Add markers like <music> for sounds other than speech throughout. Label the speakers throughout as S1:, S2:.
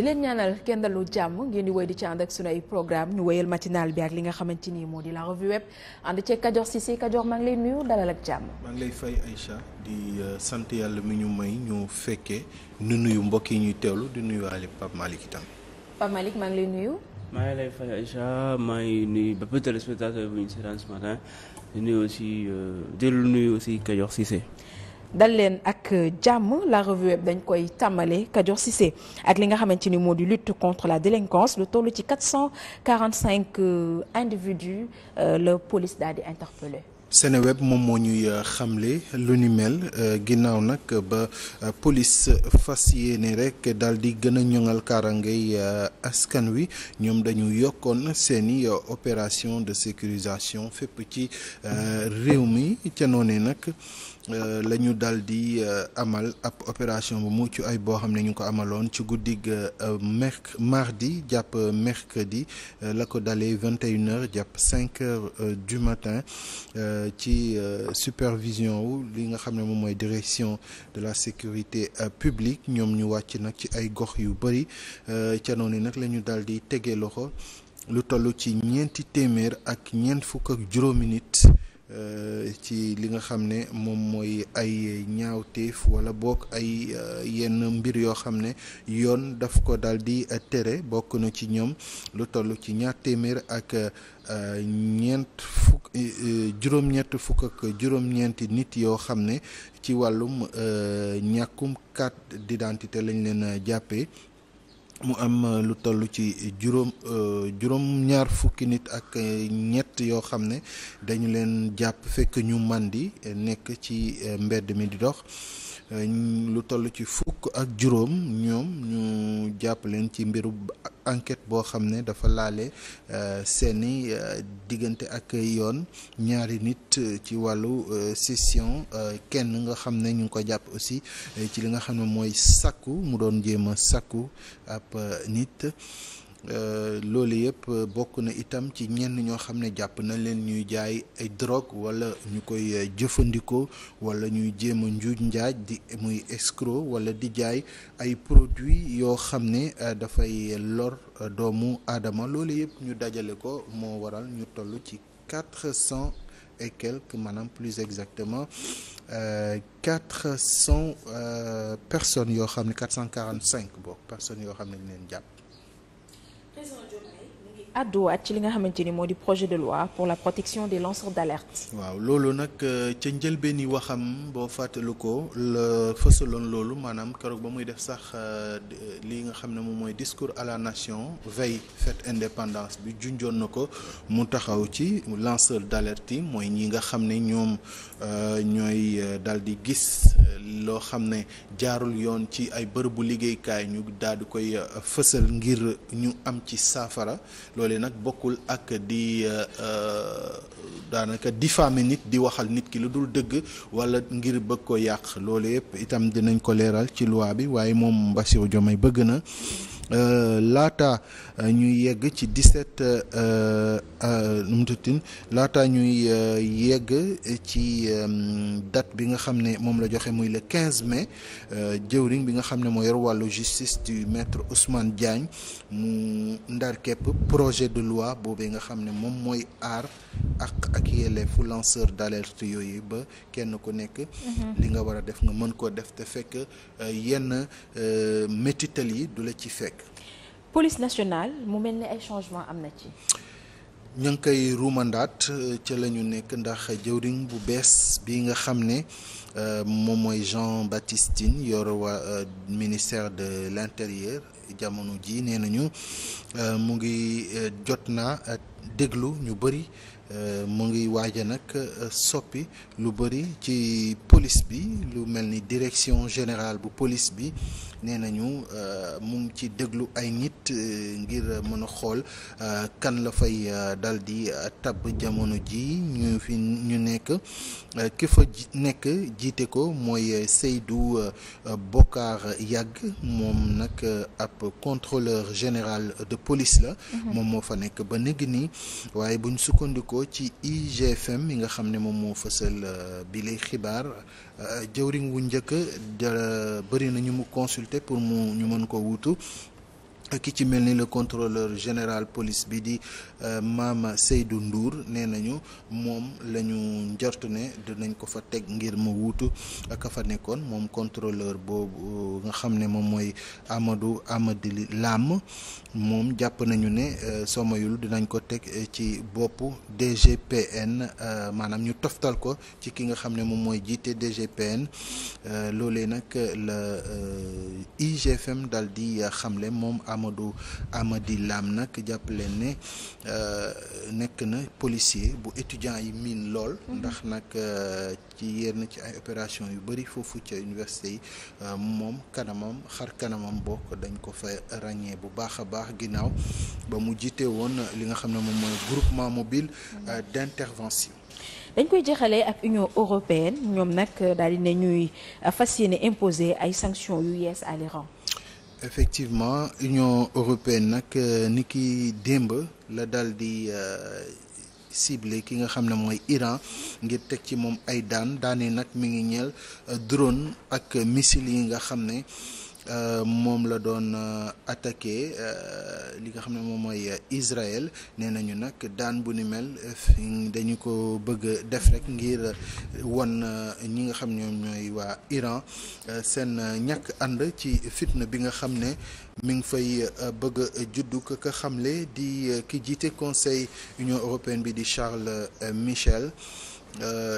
S1: di leen ñaanal kenn dalu jàmm ngeen di woy di ci ànd ak sunu ay programme ñu woyal matinal bi ak li nga xamante ni moo di la revue web ànd ci Kajoor Cissé Kajoor maa ngi lay nuyu dalal ak jàmm.
S2: maa ngi lay fay Aïcha di euh, sant yàlla mi ñu may ñu fekkee nu nuyu mbokk yi ñuy teewlu di nuyuwaale Pape Malick itam.
S1: Pape maa ngi lay nuyu.
S3: maa ngi lay fay maa ngi nuyu bépp téléspectateur bu ñu seetaan ce matin di nuyu aussi euh, di nuyu aussi Kajoor Cissé.
S1: dal leen ak jàmm la revue web dañ koy tàmmale Kadior Cissé ak li nga xamante ni moo di lutte contre la délinquance lu tollu ci 445 euh, individus euh, la police daal di interpellé
S2: Seneweb moom moo ñuy euh, xamle lu ni mel ginnaaw nag ba police fas yéene rek daal di gën a ñoŋal kaarangay askan wi ñoom dañu yokkoon seeni opération de sécurisation fépp ci réew mi ca nag Euh, la ñu daal di euh, amal ab opération bu mucc ay boo xam ne ñu ko amaloon ci guddig euh, merc mardi jàpp mercredi la ko dalee vingt et jàpp cinq heures du matin ci supervision wu li nga xam ne moom mooy direction de la sécurité publique ñoom ñu wàcc nag ci ay gox yu bëri ca noonu nag la ñu daal di tegee loxo lu toll ci ñeenti téeméer ak ñeent fukk ak juróomi nit. Euh, ci li nga xam ne moom mooy ay ñaawteef wala bokk ay euh, yenn mbir yoo xam ne yoon daf ko daal di euh, tere bokk na ci ñoom lu toll ci ñaar téeméer ak ñeent fukk juróom-ñett fukk ak juróom-ñeenti nit yoo xam ne ci wàllum ñàkkum carte d'identité lañ leen jàppe mu am euh, lu toll ci juróom euh, juróom ñaar fukki nit ak euh, ñett yoo xam ne dañu leen jàpp fekk ñu màndi nekk ci mbedd mi di dox Euh, lu toll ci fukk ak juróom ñoom ñu jàpp leen ci mbiru enquête boo xam ne dafa laale euh, seeni euh, diggante ak yoon ñaari nit ci wàllu session kenn nga xam ne ñu ngi ko jàpp aussi ci li nga xam ne mooy sàkku mu doon jéem a sàkku ab nit Euh, loolu yëpp euh, bokk na itam ci ñenn ñoo xam ne jàpp nañ leen ñuy jaay ay drogue wala ñu koy euh, jëfandikoo wala ñuy jéem a njuuj njaaj di muy escroc wala di jaay ay produits yoo xam ne dafay lor doomu aadama loolu yëpp ñu dajale ko moo waral ñu toll ci quatre cent et quelques maanaam plus exactement quatre euh, cent euh, personnes yoo xam ne quatre cent quarante cinq bokk personnes yoo xam ne ñu leen jàpp.
S1: àdduwaat ci li nga xamante ni moo di projet de loi pour la protection des lanceurs d'alerte.
S2: waaw loolu nag euh, ca njëlbeeni waxam boo fàttalu ko la fësaloon loolu maanaam keroog ba muy def sax euh, euh, li nga xam ne moom mooy discours à la nation veille fête indépendance bi junjoon na ko mu taxaw ci lanceur d'alerte yi mooy ñi nga xam ne ñoom ñooy daal di gis loo xam ne jaarul yoon ci ay bërëbu liggéeykaay ñu daal di koy fësal ngir ñu am ci saafara. loolu nag bokkul ak di euh, euh, daanaka di diffamer nit di waxal nit ki lu dul dëgg wala ngir bëgg ko yàq loolu yëpp itam dinañ ko leeral ci loi bi waaye moom Bassirou Diomaye bëgg na Euh, laata euh, ñuy yegg ci 17 euh, nu mu tudd laata ñuy yegg ci date bi nga xam ne moom la joxe muy le mais mai jëwriñ bi nga xam ne moo yor wàllu justice du maître Ousmane Diagne mu ndar képp projet de loi boobee nga xam ne moom mooy aar ak ak yelleefu lanceur d'alerte yooyu ba kenn ku nekk. Mhm. li nga war a def nga mën koo def te fekk yenn métital yi du la ci fekk.
S1: polis nationale mu mel ni ay changement am na ci.
S2: ñu ngi koy ruumandaat euh, ca lañu nekk ndax jëwriñ bu bees bi nga xam ne euh, moom mooy Jean Baptiste Tine yore waa euh, ministère de l'intérieur jamono ji nee nañu mu ngi jot naa déglu ñu bari Euh, mu ngi waaja nag euh, soppi lu bëri ci police bi lu mel ni direction générale bu police bi nee nañu euh, mu ngi ci déglu ay nit ngir mën a xool kan la fay dal di tabb jamono ji ñu fi ñu nekk ki fa nekk jiite ko mooy Seydou Bokar Yàgg moom nag ab contrôleur général de police la mhm. moom moo fa nekk ba nëgg nii waaye buñ sukkandikoo ci IGFM mi nga xam ne moom moo fësal euh, bi lay xibaar euh, jëwriñ wu njëkk bëri na ñu mu consulter pour mu ñu mën ko wutu ki ci mel ni le contrôleur général police bi di euh, Mame Seydou nduur nee nañu moom la ñu njort ne dinañ ko fa teg ngir mu wuutu ka fa nekkoon moom contrôleur boobu euh, nga xam ne moom mooy Amadou Amady làmm moom jàpp nañu ne euh, somayul dinañ ko teg ci boppu DGPN maanaam ñu toftal ko ci ki nga xam ne moom mooy jiite DGPN loole nag la IGFM daal di xamle moom am Amadou Amady Lam nag jàpp leen ne euh, nekk na policier bu étudiant yi miin lool. Mhm. ndax nag euh, ci yenn ci ay opération yu bëri foofu ca université yi euh, moom kanamam xar kanamam bokk dañ ko fa ràññee bu baax a baax ginnaaw ba mu jiite woon li nga xam ne moom mooy groupement mobile mhm. d'intervention.
S1: dañ koy jeexalee ak Union européenne ñoom nag daal di ne ñuy fas yéene imposer ay sanctions yu yees à
S2: effectivement Union européenne nag euh, ni ki démb la dal di euh, ciblé ki nga xam ne mooy Iran ngir teg ci moom ay daan daan yi nag mi ngi ñeel euh, drone ak missile yi nga xam ne. Euh, moom la doon euh, attaqué euh, li nga xam ne moom mooy Israël nee nañu nag daan bu ni mel dañu ko bëgg def rek ngir won ñi nga xam ñoom ñooy waa Iran seen ñàkk ànd ci fitna bi nga xam ne mi ngi fay bëgg juddu ka xamle di ki jiite conseil union européenne bi di Charles Michel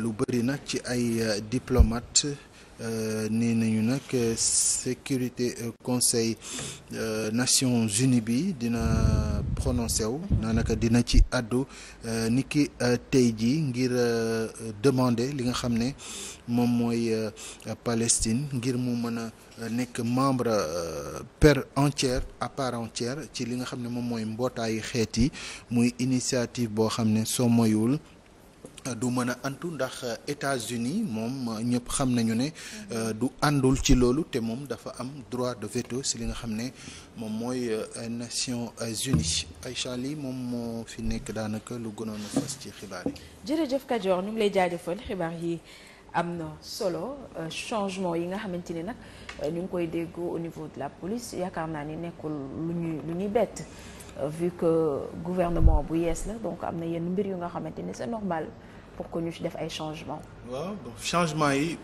S2: lu bëri nag ci ay diplomate Euh, nee nañu nag euh, sécurité euh, conseil Nations Unies bi dina prononcé wu naanaka dina ci àddu ni ki tey jii ngir demander li nga xam ne moom mooy Palestine ngir mu mën a nekk membre per entière à part entière ci li nga xam ne moom mooy mbootaayu xeet yi muy initiative boo xam ne soo moyul du mën a antu ndax euh, États-Unis moom euh, ñëpp xam nañu ne euh, du àndul ci loolu te moom dafa am droit de veto si li nga xam ne moom mooy Nations Unies ay Ly moom moo fi nekk daanaka lu gënoon a ci xibaar yi.
S1: jërëjëf Kajoor ñu ngi lay jaajëfal xibaar yi am na solo changement yi nga xamante ni nag ñu ngi koy déggoo au niveau de la police yaakaar naa ni nekkul lu ñuy lu ñuy bett vu que gouvernement bu yees la donc am na yenn mbir yu nga xamante ni c'est normal. pour que ñu ci def ay
S2: waaw donc changement yi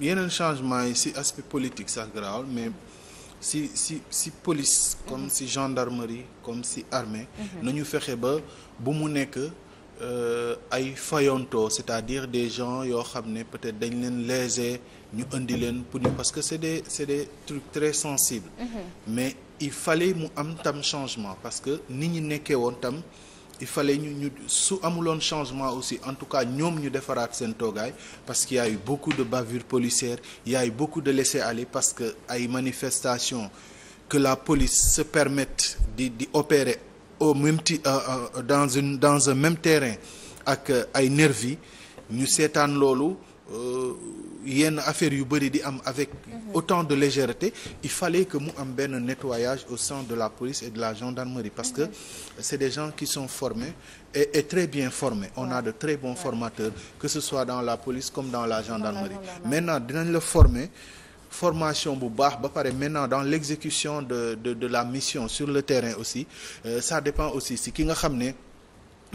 S2: yeneen changement yi ci aspect politique sax grave mais ci ci ci police. comme ci gendarmerie comme ci armée. Mhm. nañu fexe ba bu mu nekk. Euh, ay fayonto c'est-à-dire des gens yoo xam ne peut-être dañ leen léser ñu indi leen pour ñu parce que c'est des c'est des trucs très sensibles. Mm mais il fallait mu am tam changement parce que nit ñi nekkee woon tam. il fallait ñu ñu su amuloon changement aussi en tout cas ñoom ñu defaraat seen toogaay parce que y a eu beaucoup de bavures policières il beaucoup de laisser-aller parce que ay manifestation que la police se permette di di opérer au même ti euh, euh, dans une dans un même terrain ak euh, ay nervi ñu seetaan loolu Euh, yenn affaire yu bëri di am avec mhm. autant de légèreté il fallait que mu am benn nettoyage au sein de la police et de la gendarmerie parce que mhm. c'est des gens qui sont formés et, très bien formés on a de très bons formateurs que ce soit dans la police comme dans la gendarmerie maintenant dinañ la former formation bu baax ba pare maintenant dans l'exécution de de de la mission sur le terrain aussi euh, ça dépend aussi si ki nga xam ne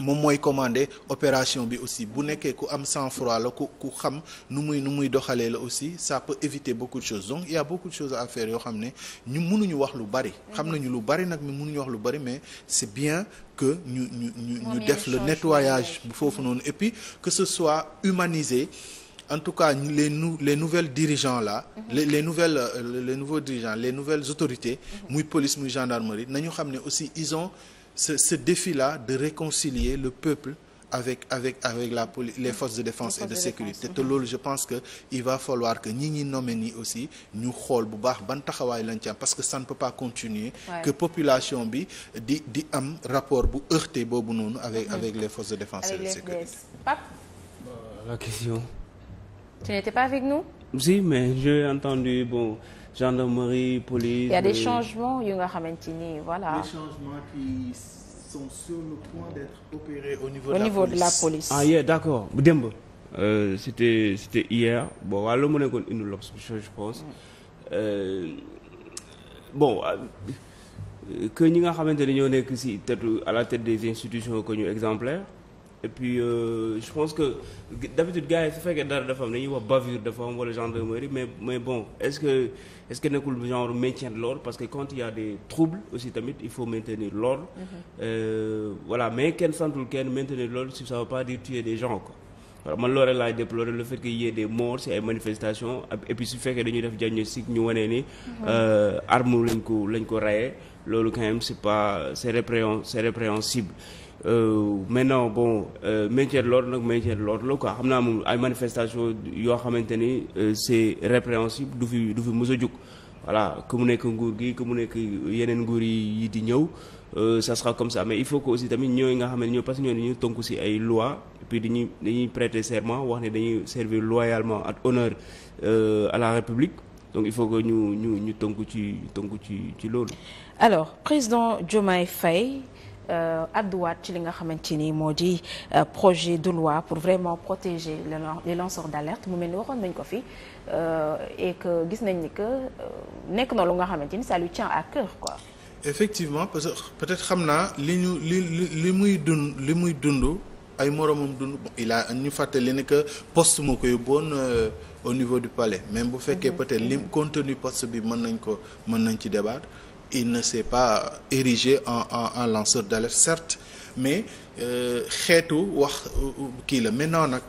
S2: moom mooy commandé opération bi aussi bu nekkee ku am sang-froid la ku ku xam nu muy nu muy doxalee la aussi ça peut éviter beaucoup de choses donc il beaucoup de choses à faire yoo xam ne ñu mënuñu wax lu bari. xam nañu lu bari nag mais mënuñu wax lu bari mais c'est bien que ñu ñu ñu def le nettoyage bu foofu noonu et puis que ce soit humanisé. en tout cas les nou les nouvelles dirigeants la mhm. les les nouvelles euh, les nouveaux dirigeants les nouvelles autorités. Mhm. muy police muy gendarmerie nañu xam ne aussi ils ce ce défi-là de réconcilier le peuple avec avec la poli les forces de défense et de, de sécurité te loolu je pense que il va falloir que ñi ñi nommé nii aussi ñu xool bu baax ban taxawaay lañ ci parce que ça ne peut pas continuer ouais. que population bi di di am rapport bu heurté boobu noonu avec mm -hmm. avec les forces de défense avec et de sécurité
S1: Pape
S3: la question tu mais j'ai entendu bon gendarmerie police. il y a
S1: nga xamante ni voilà. des changements qui
S2: sont sur le point d'être opérés au niveau. de la niveau police au niveau ah yeah,
S3: d'accord bu démb. Euh, c'était c'était hier bon waaw loolu mu nekkoon une lobs je pense mm. euh, bon euh, que ñi nga xamante ni ñoo nekk si tête à la tête des institutions que ñu exemplaires. et puis euh, je pense que d'habitude gars yi su fekkee dara dafa am dañuy wax bavure dafa am wala gendarmerie mais mais bon est-ce que est-ce que nekkul genre maintien de parce que quand il y a des troubles aussi tamit il faut maintenir l'ordre mm mais kenn santul kenn maintenir l'ordre si ça veut pas dire tuer des gens quoi voilà man loolu laay déplorer le fait que y ait des morts ay manifestations et puis su fekkee dañuy def diagnostic ñu wane ni mm-hmm. euh, arme lañ ko lañ ko rayé loolu Euh, maintenant bon euh, maintien de l'ordre nag maintien de l'ordre la xam naa moom ay manifestation yoo xamante ni euh, c'est répréhensible du fi du fi mës jug voilà que mu nekk nguur gi que mu nekk yeneen nguur yi di ñëw sa sera comme ça mais il faut que aussi tamit ñooy nga xam ne ñoo parce que ñoo dañuy tënku ci ay loi et puis dañuy dañuy prêter serment wax ne dañuy servir loyalement ak honneur à la République donc il faut que ñu ñu ñu tonk ci tonk ci ci loolu.
S1: alors président Euh, adduwaat ci li nga xamante ni moo di euh, projet de loi pour vraiment protéger les lanceurs d'alerte mu mel ni waxoon nañ ko fi euh, et que gis nañ ni que nekk na lu nga xamante ni ça lui tient à cœur quoi.
S2: effectivement parce que peut-être xam naa li ñu li li muy dund li muy dund ay moromam dund il ñu fàttali ne que poste moo ko yóbboon au niveau du palais même bu fekkee mhm. peut-être lim mhm. contenu post bi mën nañ ko mën nañ ci débat il ne s'est pas érigé en en en lanceur d'alerte certes mais euh, xeetu wax euh, kii la maintenant nag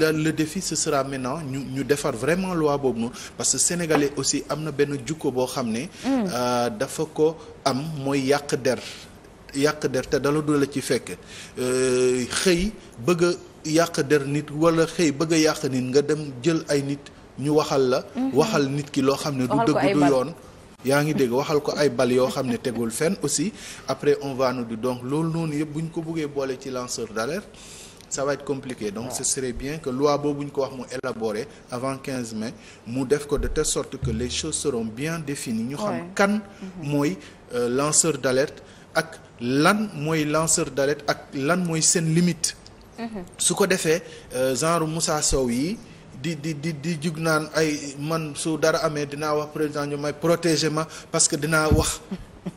S2: la le défi ce sera maintenant ñu ñu defar vraiment loi boobu noonu parce que sénégalais aussi am na benn jukko boo xam ne. Mm. Euh, dafa ko am mooy yàq der yàq der te dala du la ci fekk xëy bëgg yàq der nit wala xëy bëgg yàq nit nga dem jël ay nit ñu waxal la. Mm-hmm. waxal nit ki loo xam ne du dëgg yoon. yaa ngi dégg waxal ko ay bal yoo xam ne tegul fenn aussi après on va nous donc loolu noonu yëpp bu ñu ko buggee boole ci lanceur d'alerte ça va être compliqué donc ce serait bien que loi boobu ñu ko wax mu élaborer avant quinze mais mu def ko de telle sorte que les choses seront bien définies ñu xam kan mhm. mooy euh, lanceur d'alerte ak lan mooy lanceur d'alerte ak lan mooy seen limite mhm. su ko defee euh, genre Moussa Sow yi di di di di jug naan ay man su dara amee dinaa wax président ñu may protéger ma parce que dinaa wax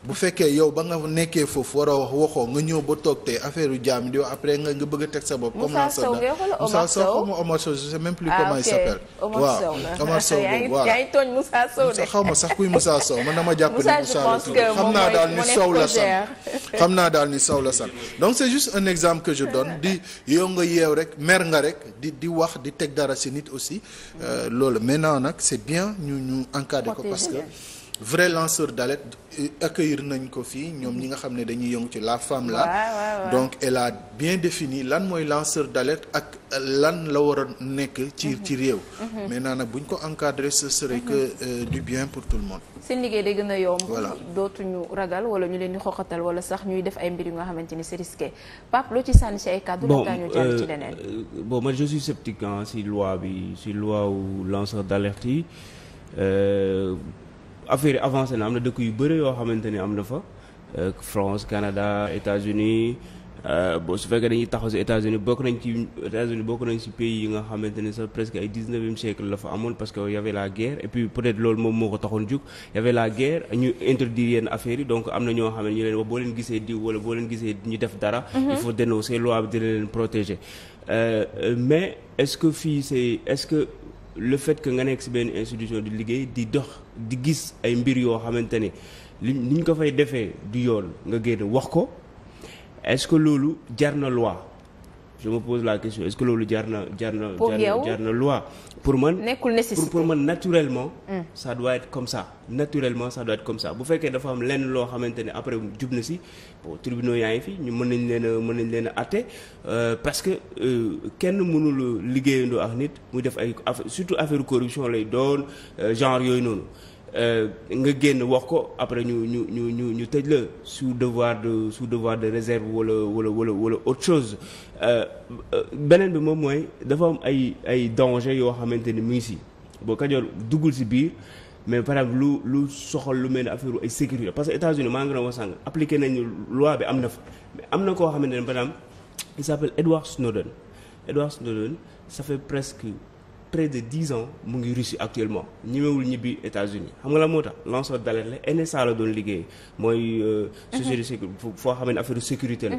S2: bu fekkee yow ba nga nekkee foofu war a wax waxoo nga ñëw ba toog tey affaire yu jaam di wax après nga nga bëgg a teg sa bopp. Moussa Sow ngay xoolal Omar Sow Omar Sow je sais même plus ah, comment il <laughs> boobu voilà
S1: yaa xaw ma
S2: sax kuy Moussa Sow man dama jàpp ni Moussa la tudd xam naa daal ni Sow la sant xam naa daal ni Sow la sant donc c'est juste un exemple que je donne <laughs> di yow nga yeew rek mer nga rek di di wax di teg dara si nit aussi euh, loolu maintenant nag c'est bien ñu ñu encadrer ko parce que. vrai lanceur d'alerte euh, accueillir nañ ko fii ñoom ñi nga xam ne dañuy yëngu ci la femme la donc elle a bien défini lan mooy lanceur d'alerte ak lan la war a nekk ci mhm. ci réew mhm. maintenant nag buñ ko encadrer ce serait que mhm. euh, du bien pour tout le monde
S1: seen liggéey day gën a yomb voilà dootuñu ragal wala ñu leen di xoxatal wala sax ñuy def ay mbir yu nga xamante ni c'est risqué Pape loo ci sànni si ay kàddu la ñu jàll ci euh, leneen euh,
S3: bon man je suis si loi bi si loi wu lanceur yi affaire yi avancé na am na dëkk yu bëri yoo xamante ni am na fa euh, France Canada États-Unis euh, su fekkee dañuy taxaw si États-Unis bokk nañ ci bokk nañ si pays yi nga xamante ne sax presque ay dix-neuvième siècle la fa amoon parce que y avait la guerre et puis peut-être loolu moom moo ko taxoon jug y avait la guerre ñu interdire yenn affaires yi donc am na ñoo xam ne ñu leen wax boo leen gisee diw wala boo leen gisee ñu def dara. Mhm. il faut dénoncer loi bi dina leen protéger euh, mais est-ce que fii c'est est-ce que le fait nga nekk si benn institution di liggéey di dox. di gis ay mbir yoo xamante ni li ñu ko fay defee du yoon nga génn wax ko est-ce que loolu jar na loi je me pose la question est-ce que loolu jar na jar na jar na loi pour man
S1: nekkul nécessité pour
S3: man naturellement hmm. ça doit être comme ça naturellement sa doit être comme ça bu fekkee dafa am lenn loo xamante ne après jub na si bon tribunaux yaa ngi fi ñu mën nañ leen mën nañ leen a euh, parce que euh, kenn mënul liggéeyandoo ak nit muy def ay surtout affaire corruption lay doon euh, genre yooyu noonu Euh, nga génn wax ko après ñu ñu ñu ñu ñu tëj la sous devoir de sous devoir de réserve wala wala wala wala autre chose euh, euh, beneen bi moom mooy dafa am ay ay danger yoo xamante ni mu ngi si boo Kajoor duggul si biir mais par lu lu soxal lu mel ni affaire ay sécurité parce que États-Unis maa ngi doon wax sànq appliqué nañu loi bi am na fa am na koo xamante ne par exemple il s'appelle Edward Snowden Edward Snowden ça fait presque. près de dix ans mu ngi Russie actuellement ñemewul ñibbi États-Unis xam nga la moo tax lanceur d'alerte la NSA la doon liggéey mooy. Euh, société sécurité foo xam ne affaire sécurité la.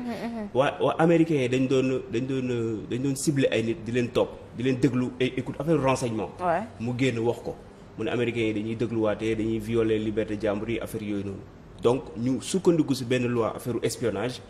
S3: waa waa américains yi dañ doon dañ doon dañ doon cibler ay nit di leen topp di leen déglu ay écoute affaire renseignement. mu génn wax ko mu ne américains yi dañuy dégluwaatee dañuy violer liberté jàmbur yi affaire yooyu noonu donc ñu sukkandiku si benn loi affaire espionnage.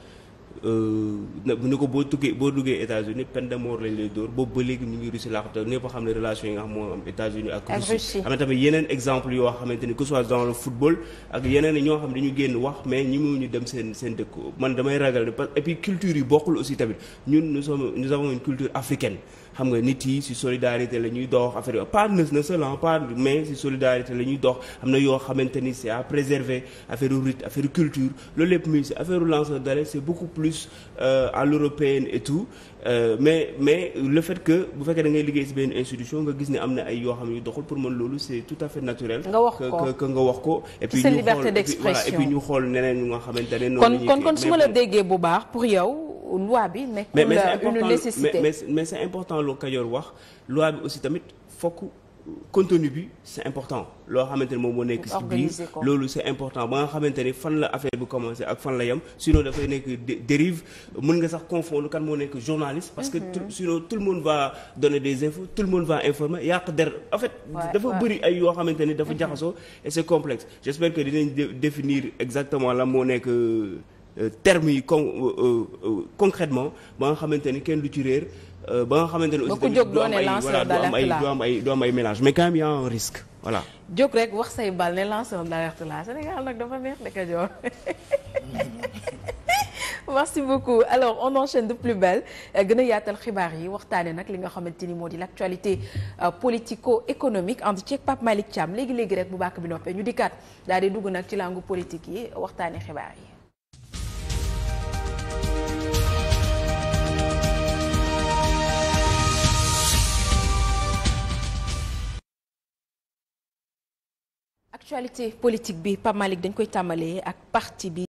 S3: bu euh, ko boo tukkee boo duggee États-Unis peine de mort lañ lay dóor boobu ba léegi ñu ngi Russie laaxu te ñëpp xam ne relation yi nga xam moo am États-Unis ak Russie am na tamit yeneen exemple yoo xamante ni que soit dans football ak yeneen ñoo xam ne dañu génn wax mais ñi mu ñu dem seen seen dëkk man damay ragal ne parce et puis culture yi bokkul aussi tamit ñun nous sommes nous avons une culture africaine xam nga nit yi ci solidarité la ñuy dox affaire yooyu pas ne ne seulement pas mais ci solidarité la ñuy dox am na yoo xamante ni c'est à préserver affaire rite affaire culture loolu lépp muy ci affaire lanceur d'alerte c'est beaucoup euh, euh, mais mais le fait que bu fekkee da ngay liggéey ci benn institution nga gis ne am na ay yoo xam ne doxul pour man loolu c'est tout à fait naturel. nga wax ko que nga wax ko. ñu xool voilà et puis xamante ne. noonu la ñuy kon kon su ma la
S1: déggee bu baax pour yow. loi bi nekkul une nécessité mais
S3: mais c'est important loo Kajoor wax loi bi aussi tamit fokk contenu bi c'est important loo xamante ne moom moo nekk ci biir loolu c'est important ba nga xamante ne fan la affaire bi commencé ak fan la yem sinon dafay nekk dérive mën nga sax confondre kan moo nekk journaliste parce que mhm. tout, sinon tout le monde va donner des infos tout le monde va informer yàq der en fait dafa bëri ay yoo xamante ne dafa mhm. jaxasoo et c'est complexe j'espère que dinañ définir exactement la moo nekk euh, Euh, termes yi con euh, euh, concrètement ba nga xamante ni kenn lu ci réer ba nga xamante ne aussi du am ay voilà la am ay du ay du am mélange mais quand même y risque voilà.
S1: jóg rek wax say bal ne lanceur d'alerte la Sénégal nag dafa neex dëkk Dior. <laughs> merci beaucoup alors on enchaîne de plus belle gën a yaatal xibaar yi waxtaane nag li nga xamante ni moo di l' actualité politico économique ànd ceeg Pape Malick Thiam léegi léegi rek bu bàkk bi noppee ñu dikkaat daal di dugg ci langue politique yi waxtaane xibaar yi. actualité politique bi Pape Malick dañ koy tàmbalee ak parti bi.